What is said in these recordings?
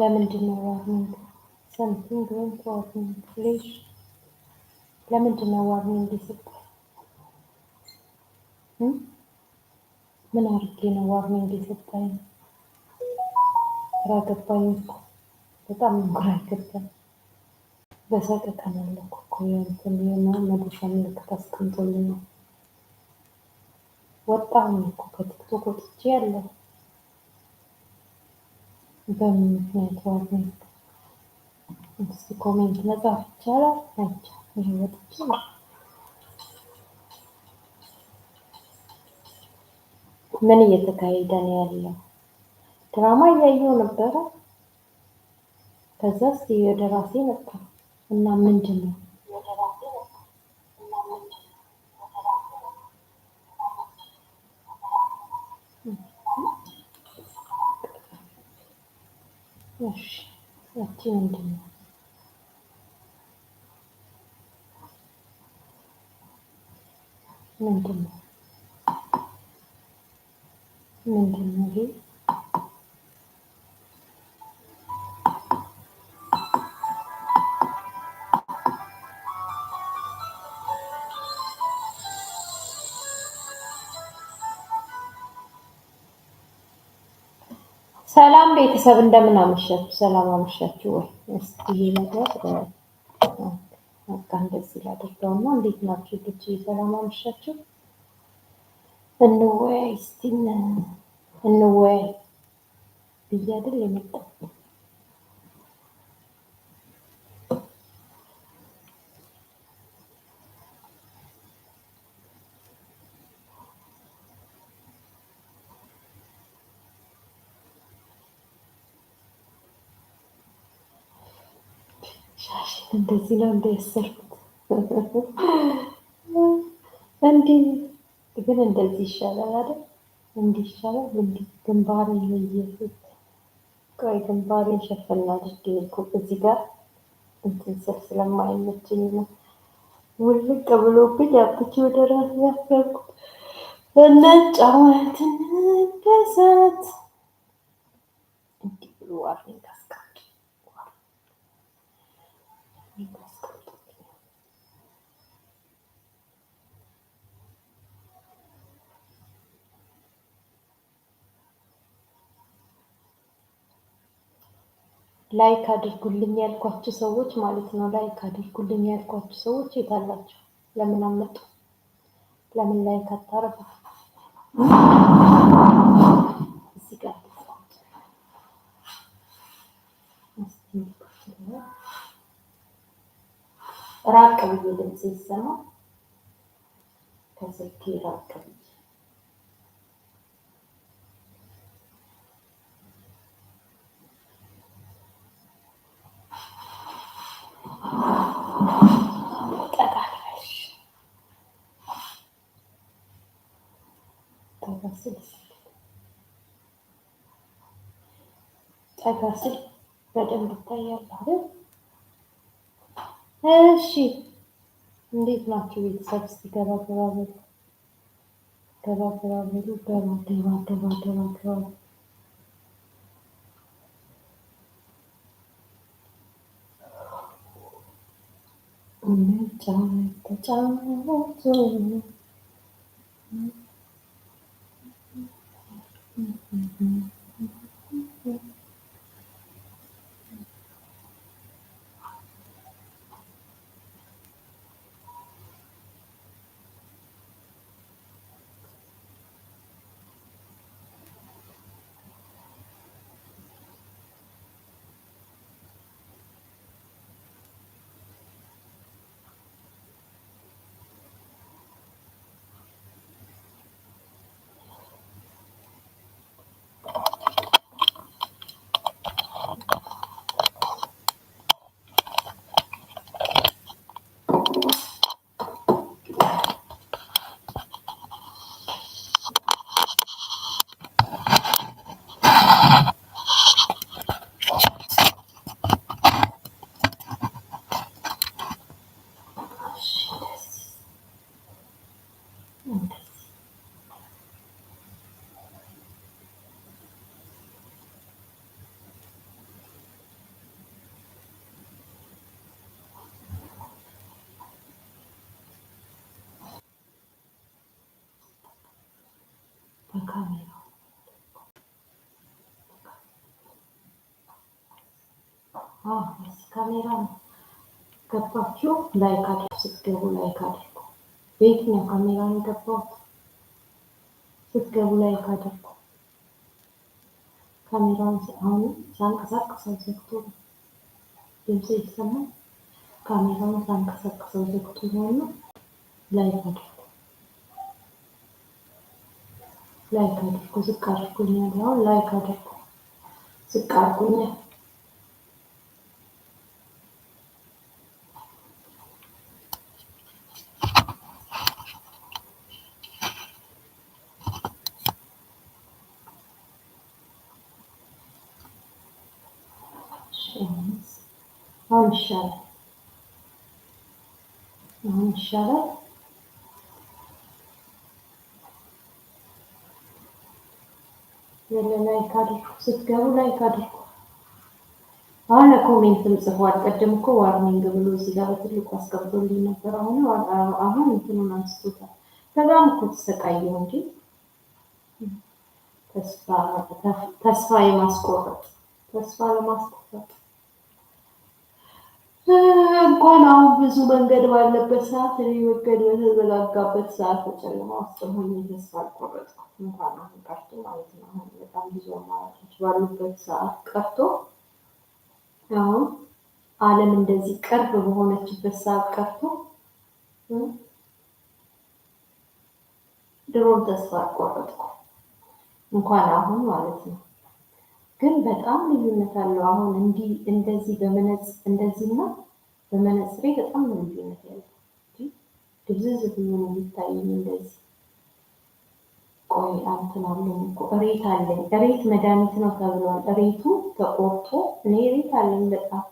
ለምንድን ነው ዋርኒንግ ሰምቲንግ ወይም ዋርኒንግ ፍሌሽ ለምንድን ነው ዋርኒንግ የሰጠ? ምን አድርጌ ነው ዋርኒንግ የሰጠኝ? ግራ ገባኝ። በጣም ግራ ገባኝ። በሰቀቀ መለኩ እኮ የእንትን የመዶሻ ምልክት አስቀምጦልኝ ነው ወጣሁኝ እኮ ከቲክቶክ ወጥቼ ያለሁ በምክንያት ምክንያት እስቲ ኮሜንት መጻፍ ይቻላል አይቻልም? ይሄ ወጥቼ ምን እየተካሄደ ነው ያለው? ድራማ እያየው ነበረ። ከዛ እስቲ ወደ ራሴ መጣ እና ምንድን ነው እሺ ያቺ ምንድነው? ምንድነው ምንድነው ሰላም ቤተሰብ እንደምን አመሻችሁ? ሰላም አመሻችሁ ወይ? እስቲ ይሄ ነገር በቃ እንደዚህ ላደርገውና እንዴት ናችሁ ልጅ? ሰላም አመሻችሁ። እንወያይ እስቲ እንወያይ ብዬ አይደል የመጣሁት እንደዚህ ነው እንደያሰርኩት እንዲህ ግን እንደዚህ ይሻላል አይደል? እንዲህ ይሻላል። እንዲህ ግንባር ይለየ ቆይ ግንባር የሸፈና አድርጌ እኮ እዚህ ጋር እንትን ስል ስለማይመችኝ ነው ውልቅ ብሎብኝ አብች ወደ ራስ ያሰርኩት በነጭ አዋልትን እንዲህ ብሎ አፍንካ ላይክ አድርጉልኝ ያልኳችሁ ሰዎች ማለት ነው። ላይክ አድርጉልኝ ያልኳችሁ ሰዎች የት አላችሁ? ለምን አመጡ? ለምን ላይክ አታረጉ? ራቅ ብዬ ድምጽ ይሰማ ከስልክ ራቅ ጠጋ ስል ጠጋ ስል በደንብ ይታያል። እሺ፣ እንዴት ናችሁ ቤተሰብ? እስቲ ገባ ገባ በሉ፣ ገባ ገባ በሉ፣ ገባ ገባ ገባ ገባ ገባ ተጫ ተጫ በካሜራው ካሜራ ነው። ገባችሁ? ላይክ አድርጉ። ስትገቡ ላይክ አድርጉ። በየትኛው ካሜራ ነው የገባሁት? ስትገቡ ላይክ አድርጉ። ካሜራውን አሁን ሳንቀሳቅሰው ዘግቶ ድምፅ ይሰማል። ካሜራውን ሳንቀሳቀሰው ዘግቶ ሆኖ ላይክ አድርጉ። ላይክ አድርጉ። ዝቅ አድርጉኛል። አሁን ላይክ አድርጉ። ዝቅ አድርጉኛል። አሁን ይሻላል። አሁን ይሻላል። ላይክ አድርጉ፣ ስትገቡ ላይክ አድርጉ። አሁን ኮሜንትም ጽፏል። ቀደም እኮ ዋርኒንግ ብሎ እዚህ ጋር በትልቁ አስቀምጦልኝ ነበር። አሁን አሁን እንትኑን አንስቶታል። በጣም እኮ ተሰቃየሁ እንጂ ተስፋ ተስፋ የማስቆረጥ ተስፋ ለማስቆረጥ እንኳን አሁን ብዙ መንገድ ባለበት ሰዓት እኔ መንገድ በተዘጋጋበት ሰዓት በጨለማ ውስጥ ሆኜ ተስፋ አልቆረጥኩም። እንኳን አሁን ቀርቶ ማለት ነው። አሁን በጣም ብዙ አማራጮች ባሉበት ሰዓት ቀርቶ አሁን ዓለም እንደዚህ ቅርብ በሆነችበት ሰዓት ቀርቶ ድሮም ተስፋ አልቆረጥኩም። እንኳን አሁን ማለት ነው ግን በጣም ልዩነት አለው። አሁን እንዲ እንደዚህ በመነጽ እንደዚህና በመነጽሬ በጣም ነው ልዩነት ያለው። ድብዝዝ ብሎ ነው የሚታየኝ። እንደዚህ ቆይ አንትን እኮ እሬት አለኝ። እሬት መድኃኒት ነው ተብሏል። እሬቱ ተቆርጦ እኔ እሬት አለኝ። በጣም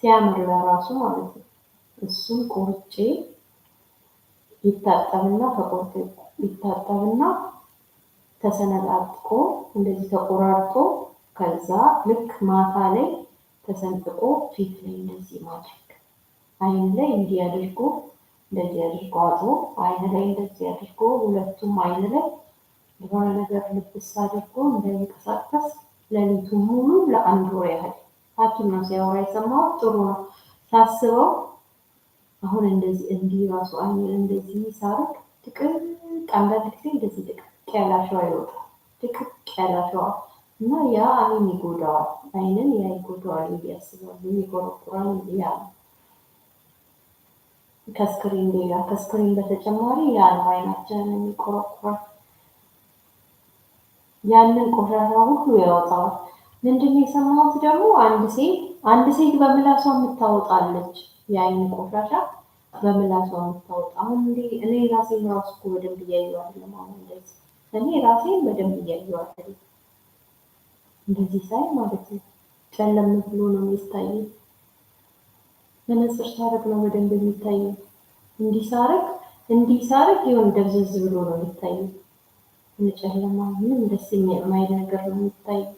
ሲያምር ለራሱ ማለት ነው። እሱም ቆርጬ ይታጠብና ተቆርጦ ይታጠብና ተሰነጣጥቆ እንደዚህ ተቆራርጦ ከዛ ልክ ማታ ላይ ተሰንጥቆ ፊት ላይ እንደዚህ ማድረግ፣ አይን ላይ እንዲህ አድርጎ እንደዚህ አድርጎ አጥሮ አይን ላይ እንደዚህ አድርጎ ሁለቱም አይን ላይ የሆነ ነገር ልብስ አድርጎ እንደሚንቀሳቀስ ለሊቱ ሙሉ ለአንድ ወር ያህል ሐኪም ነው ሲያወራ የሰማው ጥሩ ነው ሳስበው አሁን እንደዚህ እንዲህ ራሱ አይን እንደዚህ ሳርግ ጥቅም አንዳንድ ጊዜ እንደዚህ ጥቅም ያለ አሸዋ ይወጣል። ድቅቅ ያለ እና ያ አይን ይጎዳዋል። አይንን ያ ይጎዳዋል ብዬ ይቆረቁራል ያ ከስክሪን ሌላ ከስክሪን በተጨማሪ ያ ነው አይናችንን የሚቆረቁራል። ያንን ቆሻሻ ሁሉ ያወጣዋል። ምንድነው የሰማሁት ደግሞ አንድ ሴት አንድ ሴት በምላሷ የምታወጣለች የአይን ቆሻሻ በምላሷ የምታወጣ አሁን እኔ ራሴ ራሱ እኮ በደንብ እያየዋለሁ ማለት እኔ ራሴን በደንብ እያየዋለሁ እንደዚህ ሳይ ማለት ነው። ጨለም ብሎ ነው የሚታየ። መነጽር ሳረግ ነው በደንብ የሚታየ እንዲህ ሳረግ እንዲህ ሳረግ ደብዘዝ ብሎ ነው የሚታየ። ጨለማ ምንም ደስ የማይል ነገር ነው የሚታየው።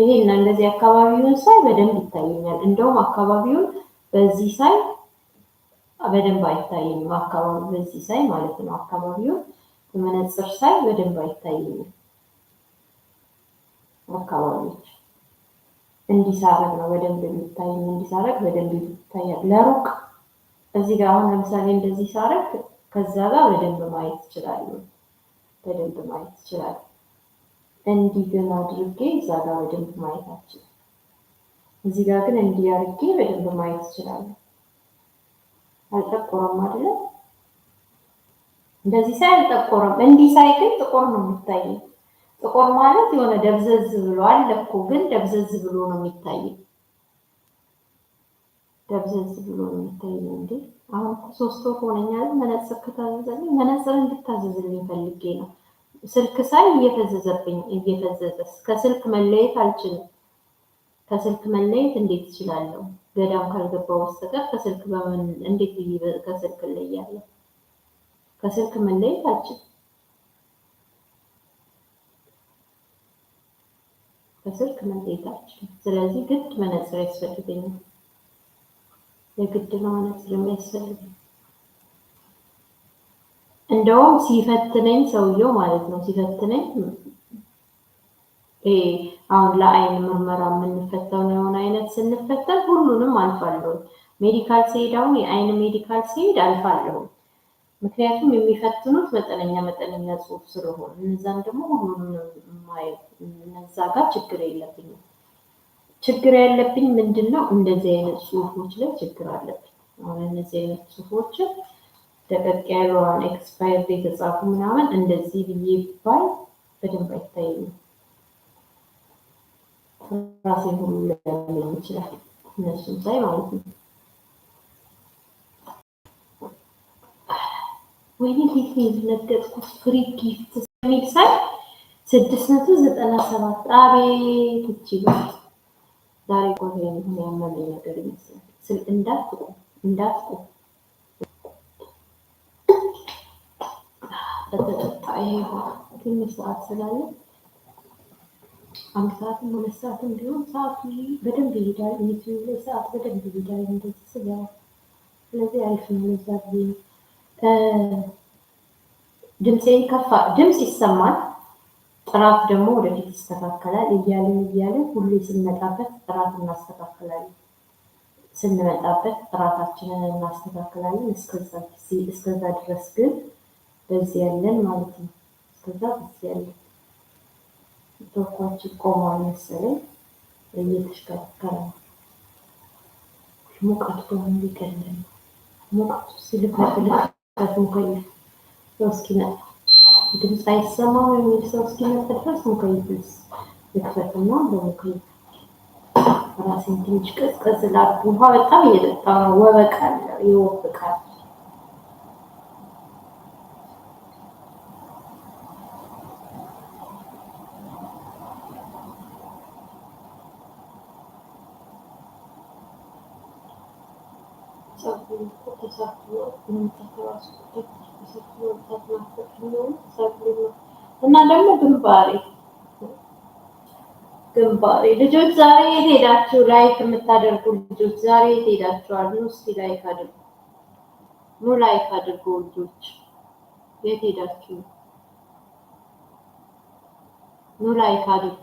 ይሄ እና እንደዚህ አካባቢውን ሳይ በደንብ ይታየኛል። እንደውም አካባቢውን በዚህ ሳይ በደንብ አይታየኝም። አካባቢ በዚህ ሳይ ማለት ነው አካባቢውን መነጽር ሳይ በደንብ አይታየኝም። አካባቢዎች እንዲሳረግ ነው በደንብ የሚታየኝ። እንዲሳረግ በደንብ ይታያል። ለሩቅ እዚህ ጋር አሁን ለምሳሌ እንደዚህ ሳረግ ከዛ ጋር በደንብ ማየት ይችላሉ። በደንብ ማየት ይችላል። እንዲህ ግን አድርጌ እዛ ጋር በደንብ ማየት አችል። እዚህ ጋር ግን እንዲህ አድርጌ በደንብ ማየት ይችላል። አልጠቆረም አይደለም? እንደዚህ ሳይ አልጠቆርም። እንዲህ ሳይ ግን ጥቁር ነው የሚታይ። ጥቁር ማለት የሆነ ደብዘዝ ብሎ አለ እኮ ግን ደብዘዝ ብሎ ነው የሚታይ። ደብዘዝ ብሎ ነው የሚታይ እንዴ አሁን ሶስት ወር ሆነኛ መነጽር ከታዘዘልኝ መነጽር እንድታዘዝልኝ ፈልጌ ነው። ስልክ ሳይ እየፈዘዘብኝ እየፈዘዘ ከስልክ መለየት አልችልም። ከስልክ መለየት እንዴት እችላለሁ? ገዳም ካልገባ በስተቀር ከስልክ በምን እንዴት ከስልክ እለያለሁ? ከስልክ መለየት አልችልም። ከስልክ መለየት አልችልም። ስለዚህ ግድ መነጽር ያስፈልገኛል። የግድ ነው መነጽር የሚያስፈልገኝ። እንደውም ሲፈትነኝ ሰውየው ማለት ነው ሲፈትነኝ አሁን ለአይን ምርመራ የምንፈተውን የሆነ አይነት ስንፈተን ሁሉንም አልፋለሁ። ሜዲካል ሲሄድ አሁን የአይን ሜዲካል ሲሄድ አልፋለሁ። ምክንያቱም የሚፈትኑት መጠነኛ መጠነኛ ጽሁፍ ስለሆነ እነዛን ደግሞ ሁሉንም ማየት እነዛ ጋር ችግር የለብኝም። ችግር ያለብኝ ምንድን ነው? እንደዚህ አይነት ጽሁፎች ላይ ችግር አለብኝ። አሁን እነዚህ አይነት ጽሁፎች ደቀቅ ያለዋን ኤክስፓየርድ የተጻፉ ምናምን እንደዚህ ብዬ ባይ በደንብ አይታይም። ራሴ ሁሉ ሊያገኝ ይችላል እነሱም ሳይ ማለት ነው። ወይኔ ፊት የደነገጥኩት ፍሪ ጊፍት ሚል ሳይ ስድስት መቶ ዘጠና ሰባት አቤት እቺ ባት ዛሬ ቆሬ ሆን ያመመኝ ነገር ይመስላል ስል እንዳትቁ እንዳትቁ በተጠጣ ይሄ ትንሽ ሰዓት ስላለ አንድ ሰዓትም ሁለት ሰዓትም ቢሆን ሰዓቱ በደንብ ይሄዳል። ሰዓት በደንብ ይሄዳል እንደዚህ ስለዚህ አሪፍ ነው ለዛ ጊዜ ድምፄን ከፋ ድምፅ ይሰማል። ጥራት ደግሞ ወደፊት ይስተካከላል እያልን እያልን ሁሌ ስንመጣበት ጥራት እናስተካክላለን፣ ስንመጣበት ጥራታችንን እናስተካክላለን። እስከዛ ጊዜ እስከዛ ድረስ ግን በዚህ ያለን ማለት ነው። እስከዛ በዚህ ያለን ተኳችን ቆሟል መሰለኝ እየተሽከረከረ ነው። ሙቀቱ ደግሞ ሊቀል ነው ሙቀቱ ሲልክ ጣት እንቆያል ሰው እስኪመጣ ድምፅ አይሰማም የሚል ሰው እስኪመጣ ድረስ እንቆይበት ልክፈትና በሙቀይ ራሴን ትንሽ ቀዝቀዝ ላድርግ። ውሃ በጣም እየጠጣ ወበቃል ይወፍቃል። እና ደግሞ ግንባሬ ግንባሬ ልጆች ዛሬ የት ሄዳችሁ? ላይክ የምታደርጉ ልጆች ዛሬ የት ሄዳችኋል? ኑ እስኪ ላይክ አድርጉ። ኑ ላይክ አድርጉ ልጆች፣ የት ሄዳችሁ? ኑ ላይክ አድርጉ።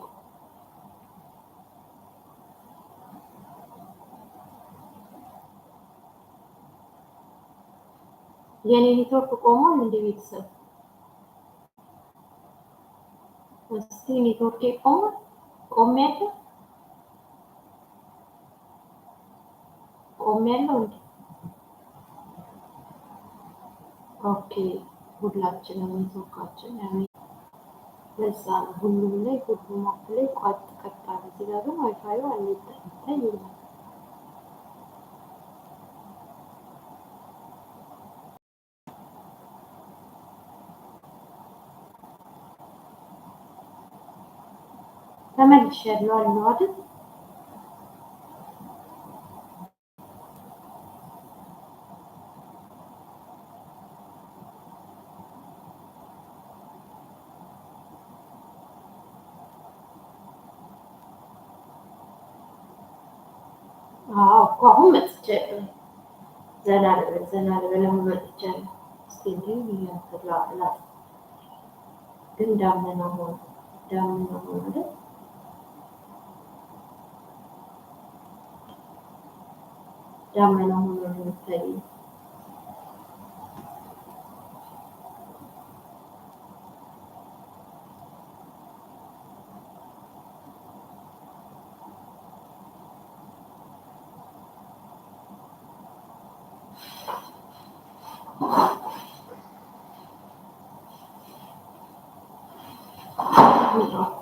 የኔ ኔትወርክ ቆሟል እንደ ቤተሰብ እዚህ ኔትወርክ ቆመ ቆም ያለ ቆም ያለው እንዴ? ኦኬ ሁላችንም ኔትወርካችን ያኔ ለዛ ሁሉም ላይ ሁሉም አፕ ላይ ቋጥ ቀጣ እዚህ ጋር ግን ዋይፋዩ አለ ይታይ ይላል። ተመልሻለሁ አለው አይደል? አዎ እኮ አሁን መጥቻለሁ። ዘና ልበል ዘና ልበል አሁን መጥቻለሁ። እስኪ ግን ዳመና ሆነ ዳመና ሆነ አይደል ዳመና ሆኖ ነው የሚታየው።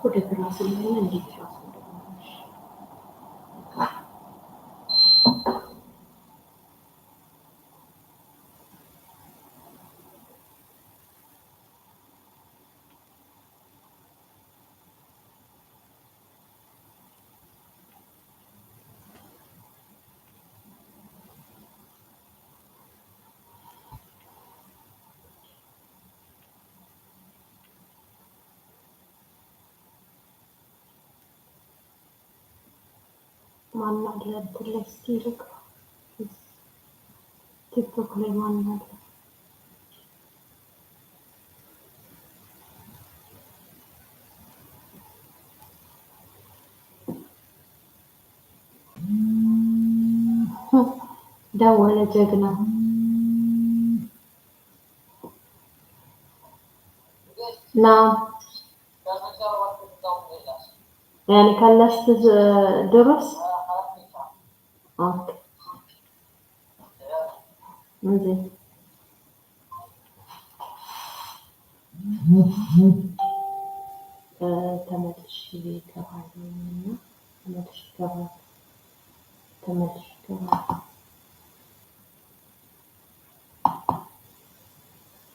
ወደ ግራ ስናየው እንዴት ነው? ማን አለ እንትን ላይ እስኪ ልክ ቲክቶክ ላይ ማን አለ ደወለ ጀግና ና يعني كان نفس Ok. Vamos ver. ተመልሽ ተባለ ተመልሽ ተባለ ተመልሽ ተባለ